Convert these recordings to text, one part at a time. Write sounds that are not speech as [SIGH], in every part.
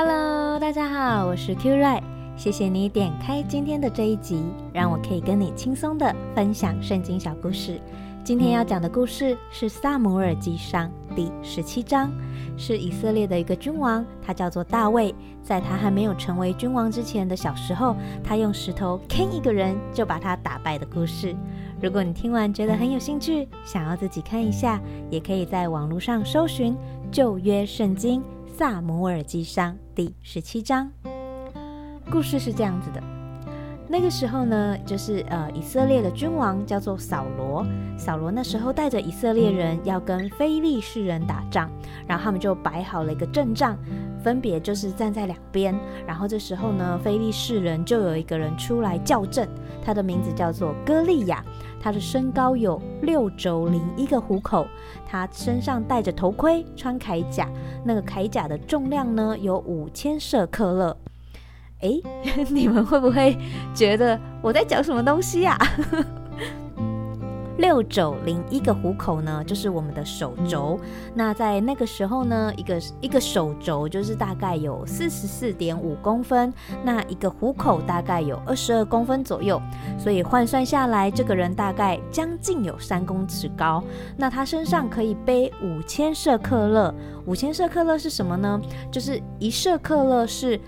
Hello，大家好，我是 Q 瑞，謝謝你點開今天的這一集，讓我可以跟你輕鬆的分享聖經小故事。今天要講的故事是《撒母耳記上》第十七章，是以色列的一個君王，他叫做大衛。在他還沒有成為君王之前的小時候，他用石頭 k 一個人，就把他打敗的故事。如果你聽完覺得很有興趣，想要自己看一下，也可以在網絡上搜尋《舊約聖經》。撒母耳記上第十七章，故事是這樣子的：那個時候呢，就是呃，以色列的君王叫做掃羅，掃羅那時候帶着以色列人要跟非利士人打仗，然後他們就擺好了一個陣仗。分別就是站在兩邊，然後這時候呢，非利士人就有一個人出來叫陣，他的名字叫做歌利亞，他的身高有六肘零一個虎口，他身上戴着頭盔，穿鎧甲，那個鎧甲的重量呢有五千舍克勒。哎，你們會不會覺得我在講什麼東西呀、啊？ [LAUGHS] 六肘零一個虎口呢，就是我們的手肘。那在那個時候呢，一個一個手肘就是大概有四十四點五公分，那一個虎口大概有二十二公分左右。所以換算下來，這個人大概將近有三公尺高。那他身上可以背五千舍克勒。五千舍克勒是什麼呢？就是一舍克勒是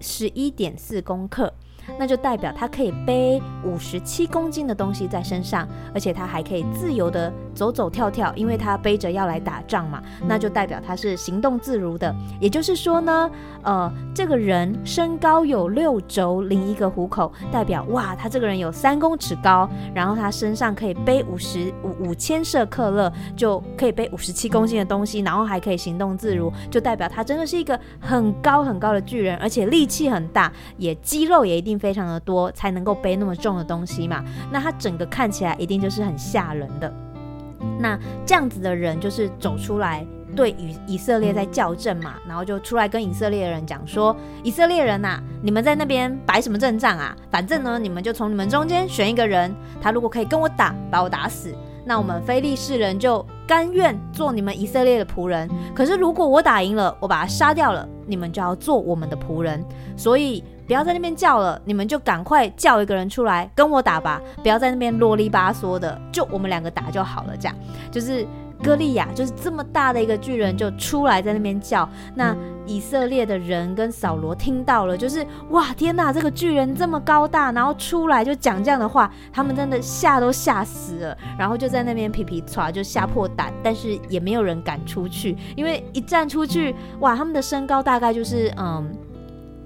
十一點四公克。那就代表他可以背五十七公斤的東西在身上，而且他還可以自由的走走跳跳，因為他背着要來打仗嘛。那就代表他是行動自如的。也就是說呢，呃，這個人身高有六肘零一個虎口，代表哇，他這個人有三公尺高，然後他身上可以背五十五五千舍克勒，就可以背五十七公斤的東西，然後還可以行動自如，就代表他真的是一個很高很高的巨人，而且力氣很大，也肌肉也一定。非常的多，才能夠背那麼重的東西嘛？那他整個看起來一定就是很嚇人的。那這樣子的人就是走出來，對以以色列在叫陣嘛，然後就出來跟以色列人講說：“以色列人吶、啊，你們在那邊擺什麼陣仗啊？反正呢，你們就從你們中間選一個人，他如果可以跟我打，把我打死，那我們非利士人就甘願做你們以色列的僕人。可是如果我打贏了，我把他殺掉了，你們就要做我們的僕人。”所以。不要在那邊叫了，你們就趕快叫一個人出來跟我打吧！不要在那邊囉里吧嗦的，就我們兩個打就好了這樣。就是歌利亞，就是這麼大的一個巨人就出來在那邊叫。那以色列的人跟掃羅聽到了，就是哇天哪，這個巨人這麼高大，然後出來就講這樣的話，他們真的嚇都嚇死了，然後就在那邊皮皮剉就嚇破膽，但是也沒有人敢出去，因為一站出去，哇，他們的身高大概就是嗯。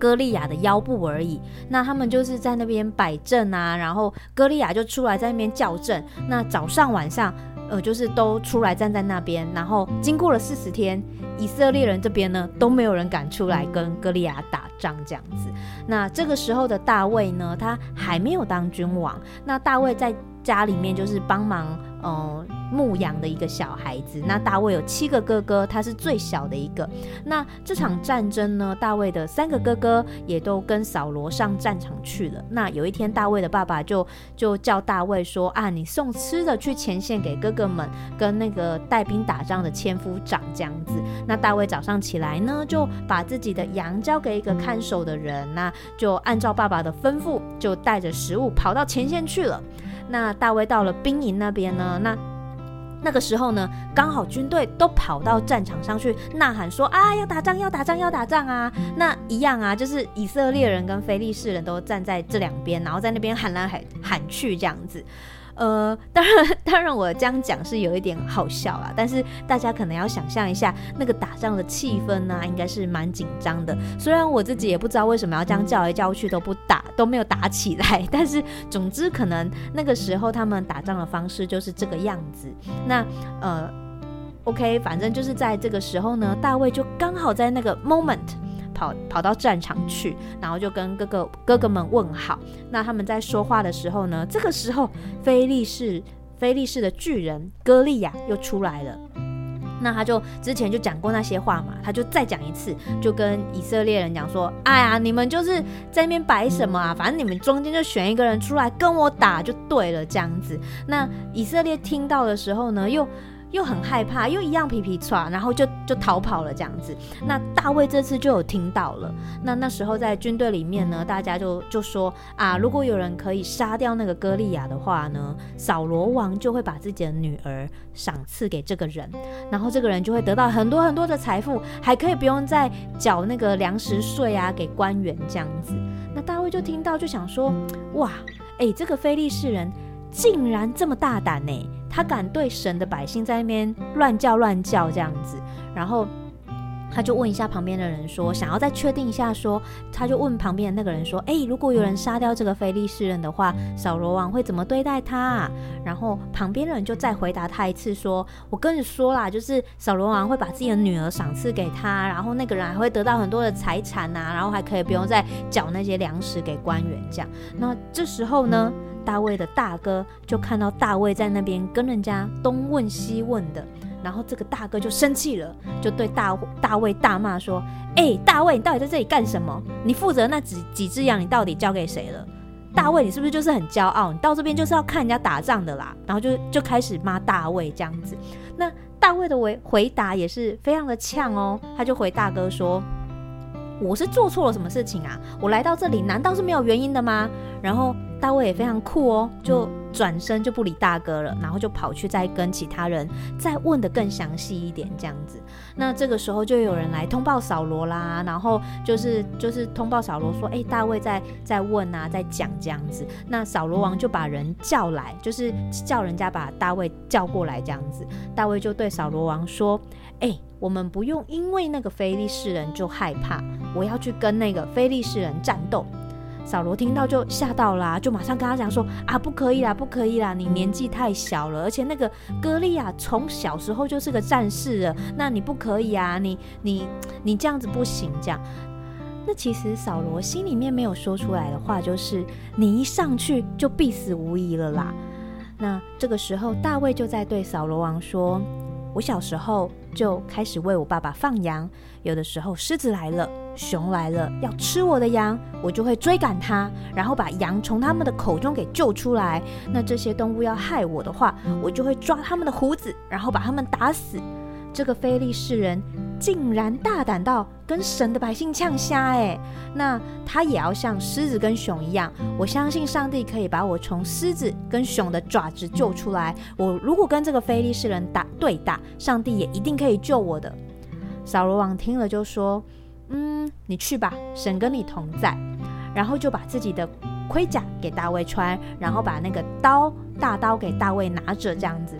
歌利亞的腰部而已，那他們就是在那邊擺陣啊，然後歌利亞就出來在那邊叫陣。那早上晚上，呃，就是都出來站在那邊，然後經過了四十天，以色列人這邊呢都沒有人敢出來跟歌利亞打仗這樣子。那這個時候的大衛呢，他還沒有當君王，那大衛在家裡面就是幫忙。呃、嗯，牧羊的一個小孩子。那大衛有七個哥哥，他是最小的一個。那這場戰爭呢，大衛的三個哥哥也都跟掃羅上戰場去了。那有一天，大衛的爸爸就就叫大衛說：“啊，你送吃的去前線給哥哥們，跟那個帶兵打仗的千夫長這樣子。”那大衛早上起來呢，就把自己的羊交給一個看守的人，那就按照爸爸的吩咐，就帶着食物跑到前線去了。那大衛到了兵營那邊呢，那那個時候呢，剛好軍隊都跑到戰場上去吶喊說：“啊，要打仗，要打仗，要打仗啊！”那一樣啊，就是以色列人跟非利士人都站在這兩邊，然後在那邊喊來喊喊去這樣子。呃，當然，當然，我這樣講是有一點好笑啦。但是大家可能要想象一下，那個打仗的氣氛呢，啊，應該是蠻緊張的。雖然我自己也不知道為什麼要這樣叫來叫去都不打，都沒有打起來。但是總之，可能那個時候他們打仗的方式就是這個樣子。那呃，OK，反正就是在這個時候呢，大衛就剛好在那個 moment。跑跑到戰場去，然後就跟哥哥哥哥們問好。那他們在說話的時候呢，這個時候非利士非利士的巨人歌利亞又出來了。那他就之前就講過那些話嘛，他就再講一次，就跟以色列人講說：“哎呀，你們就是在那邊擺什麼啊？反正你們中間就選一個人出來跟我打就對了。”這樣子。那以色列聽到的時候呢，又。又很害怕，又一樣皮皮剉，然後就就逃跑了這樣子。那大衛這次就有聽到了。那那時候在軍隊裡面呢，大家就就說啊，如果有人可以殺掉那個歌利亞的話呢，掃羅王就會把自己的女兒賞賜給這個人，然後這個人就會得到很多很多的財富，還可以不用再繳那個糧食稅啊，給官員這樣子。那大衛就聽到就想說，哇，哎，這個非利士人竟然這麼大膽呢，欸！他敢對神的百姓在那邊亂叫亂叫這樣子，然後他就問一下旁邊的人說，想要再確定一下，說，他就問旁邊的那個人說，誒，如果有人殺掉這個非利士人的話，掃羅王會怎麼對待他，啊？然後旁邊的人就再回答他一次說，我跟你說啦，就是掃羅王會把自己的女兒賞賜給他，然後那個人還會得到很多的財產吶，啊，然後還可以不用再繳那些糧食給官員這樣。那這時候呢，大衛的大哥就看到大衛在那邊跟人家東問西問的，然後這個大哥就生氣了，就對大大衛大罵說：“誒，大衛，你到底在這裡幹什麼？你負責那幾幾隻羊，你到底交給誰了？大衛，你是不是就是很驕傲？你到這邊就是要看人家打仗的啦？”然後就就開始罵大衛這樣子。那大衛的回回答也是非常的嗆哦，他就回大哥說：“我是做錯了什麼事情啊？我來到這裡難道是沒有原因的嗎？”然後。大衛也非常酷哦，就轉身就不理大哥了，然後就跑去再跟其他人再問得更詳細一點這樣子。那這個時候就有人來通報掃羅啦，然後就是就是通報掃羅說，誒、欸，大衛在在問啊，在講這樣子。那掃羅王就把人叫來，就是叫人家把大衛叫過來這樣子。大衛就對掃羅王說，誒、欸，我們不用因為那個非利士人就害怕，我要去跟那個非利士人戰鬥。掃羅聽到就嚇到啦、啊，就馬上跟他講說啊，不可以啦，不可以啦，你年紀太小了，而且那個哥利亞從小時候就是個戰士了，那你不可以啊，你你你這樣子不行，這樣。那其實掃羅心裡面沒有說出來的話就是，你一上去就必死無疑了啦。那這個時候大衛就在對掃羅王說。我小時候就開始為我爸爸放羊，有的時候獅子來了、熊來了要吃我的羊，我就會追趕它，然後把羊從它們的口中給救出來。那這些動物要害我的話，我就會抓它們的鬍子，然後把它們打死。這個非利士人。竟然大膽到跟神的百姓嗆蝦誒，那他也要像獅子跟熊一樣，我相信上帝可以把我從獅子跟熊的爪子救出來。我如果跟這個非利士人打對打，上帝也一定可以救我的。掃羅王聽了就說：“嗯，你去吧，神跟你同在。”然後就把自己的盔甲給大衛穿，然後把那個刀，大刀給大衛拿着，這樣子。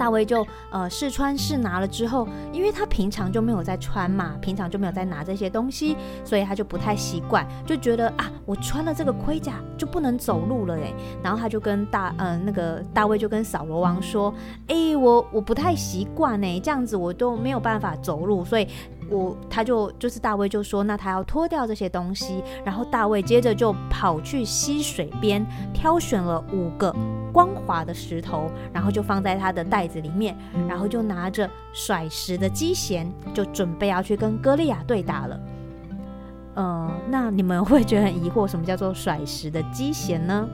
大衛就呃試穿試拿了之後，因為他平常就沒有在穿嘛，平常就沒有在拿這些東西，所以他就不太習慣，就覺得啊，我穿了這個盔甲就不能走路了誒，然後他就跟大嗯、呃、那個大衛就跟掃羅王說，誒、欸，我我不太習慣呢，這樣子我都沒有辦法走路，所以。我他就就是大衛就說，那他要脫掉這些東西，然後大衛接着就跑去溪水邊挑選了五個光滑的石頭，然後就放在他的袋子裡面，然後就拿着甩石的機弦，就準備要去跟歌利亞對打了。嗯、呃，那你們會覺得很疑惑，什麼叫做甩石的機弦呢？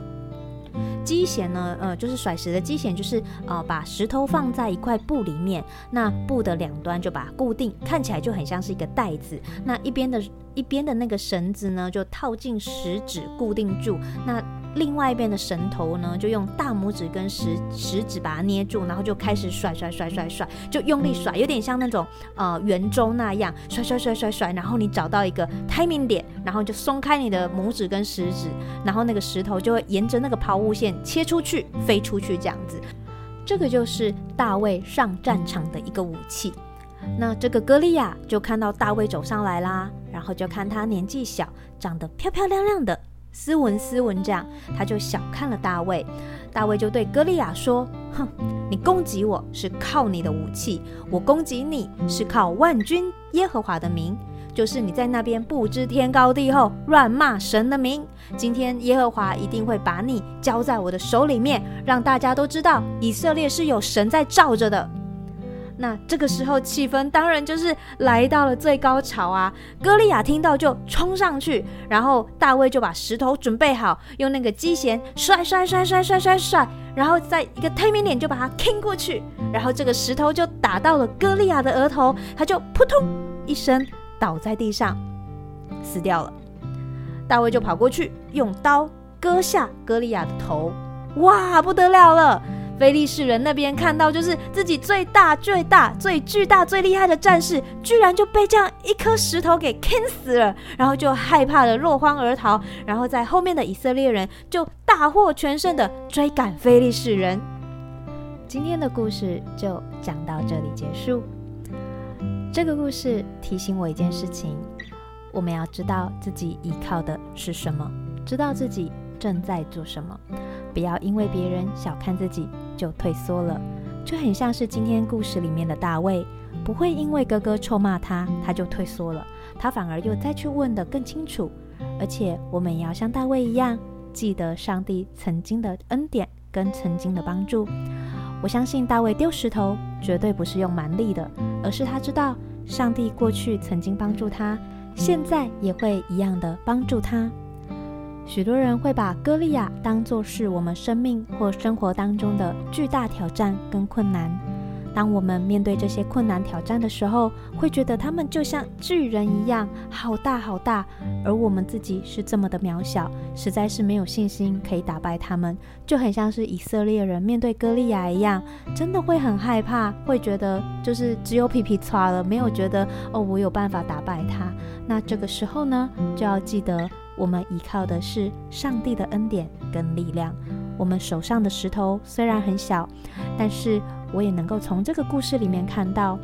機弦呢？呃，就是甩石的機弦，就是呃，把石頭放在一塊布裡面，那布的兩端就把它固定，看起來就很像是一個袋子。那一邊的一邊的那個繩子呢，就套進食指固定住。那另外一邊的繩頭呢，就用大拇指跟食食指把它捏住，然後就開始甩甩甩甩甩，就用力甩，有點像那種呃圓周那樣甩，甩甩甩甩甩，然後你找到一個 timing 點，然後就鬆開你的拇指跟食指，然後那個石頭就會沿着那個拋物線切出去，飛出去這樣子。這個就是大衛上戰場的一個武器。那這個歌利亞就看到大衛走上來啦，然後就看他年紀小，長得漂漂亮亮的。斯文斯文，這樣他就小看了大衛。大衛就對歌利亞說：“哼，你攻擊我是靠你的武器，我攻擊你是靠萬軍耶和華的名。就是你在那邊不知天高地厚亂罵神的名，今天耶和華一定會把你交在我的手裡面，讓大家都知道以色列是有神在罩着的。”那這個時候氣氛當然就是來到了最高潮啊！歌利亞聽到就衝上去，然後大衛就把石頭準備好，用那個機弦，甩甩甩甩甩甩甩，然後在一個 timing 點就把他 ken 過去，然後這個石頭就打到了歌利亞的額頭，他就撲通一聲倒在地上死掉了。大衛就跑過去用刀割下歌利亞的頭，哇，不得了了！非利士人那邊看到，就是自己最大、最大、最巨大、最厲害的戰士，居然就被這樣一顆石頭給砍死了，然後就害怕的落荒而逃，然後在後面的以色列人就大獲全勝的追趕非利士人。今天的故事就講到這裡結束。這個故事提醒我一件事情：我們要知道自己依靠的是什麼，知道自己正在做什麼，不要因為別人小看自己，就退縮了，就很像是今天故事裡面的大衛，不會因為哥哥臭罵他，他就退縮了，他反而又再去問得更清楚。而且，我們也要像大衛一樣，記得上帝曾經的恩典跟曾經的幫助。我相信大衛丟石頭絕對不是用蠻力的，而是他知道上帝過去曾經幫助他，現在也會一樣的幫助他。許多人會把歌利亞當作是我們生命或生活當中的巨大挑戰跟困難。當我們面對這些困難挑戰的時候，會覺得他們就像巨人一樣，好大好大，而我們自己是這麼的渺小，實在是沒有信心可以打敗他們。就很像是以色列人面對歌利亞一樣，真的會很害怕，會覺得就是只有皮皮挫了，沒有覺得哦，我有辦法打敗他。那這個時候呢，就要記得。我們依靠的是上帝的恩典跟力量。我們手上的石頭雖然很小，但是我也能夠從這個故事裡面看到，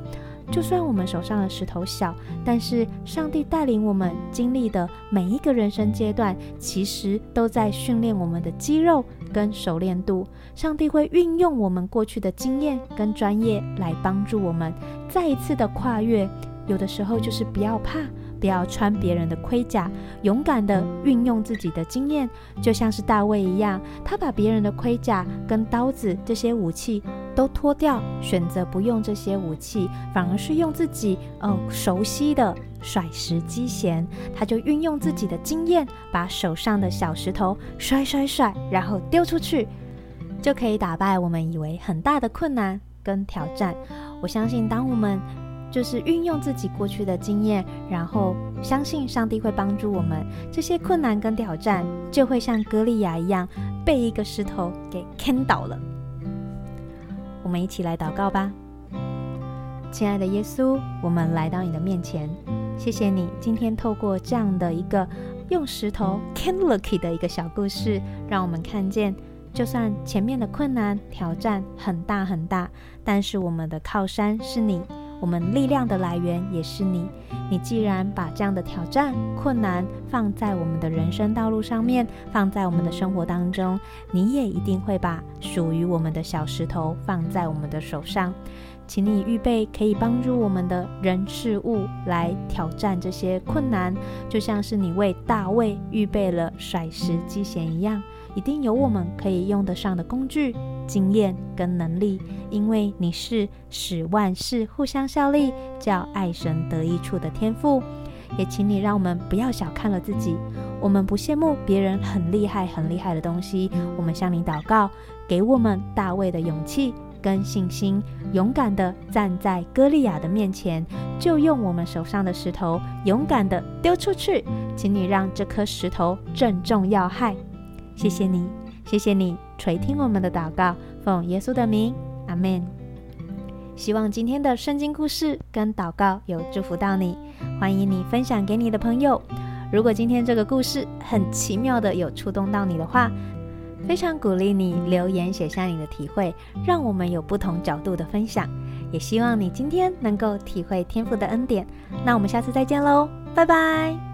就算我們手上的石頭小，但是上帝帶領我們經歷的每一個人生階段，其實都在訓練我們的肌肉跟熟練度。上帝會運用我們過去的經驗跟專業來幫助我們再一次的跨越。有的時候就是不要怕。不要穿別人的盔甲，勇敢地運用自己的經驗，就像是大衛一樣，他把別人的盔甲跟刀子這些武器都脫掉，選擇不用這些武器，反而是用自己呃熟悉的甩石機弦，他就運用自己的經驗，把手上的小石頭甩甩甩，然後丟出去，就可以打敗我們以為很大的困難跟挑戰。我相信，當我們就是運用自己過去的經驗，然後相信上帝會幫助我們。這些困難跟挑戰就會像歌利亞一樣，被一個石頭給坑倒了。我們一起來禱告吧，親愛的耶穌，我們來到你的面前，謝謝你今天透過這樣的一個用石頭 ken 落去的一個小故事，讓我們看見，就算前面的困難挑戰很大很大，但是我們的靠山是你。我們力量的來源也是你。你既然把這樣的挑戰、困難放在我們的人生道路上面，放在我們的生活當中，你也一定會把屬於我們的小石頭放在我們的手上。請你預備可以幫助我們的人、事物來挑戰這些困難，就像是你為大衛預備了甩石機弦一樣，一定有我們可以用得上的工具。經驗跟能力，因為你是使萬事互相效力，叫愛神得益處的天賦，也請你讓我們不要小看了自己。我們不羨慕別人很厲害、很厲害的東西。我們向你禱告，給我們大衛的勇氣跟信心，勇敢的站在歌利亞的面前，就用我們手上的石頭勇敢的丟出去，請你讓這顆石頭正中要害。謝謝你。謝謝你垂聽我們的禱告，奉耶穌的名，阿門。希望今天的聖經故事跟禱告有祝福到你，歡迎你分享給你的朋友。如果今天這個故事很奇妙的有觸動到你的話，非常鼓勵你留言寫下你的體會，讓我們有不同角度的分享。也希望你今天能夠體會天父的恩典。那我們下次再見嘍，拜拜。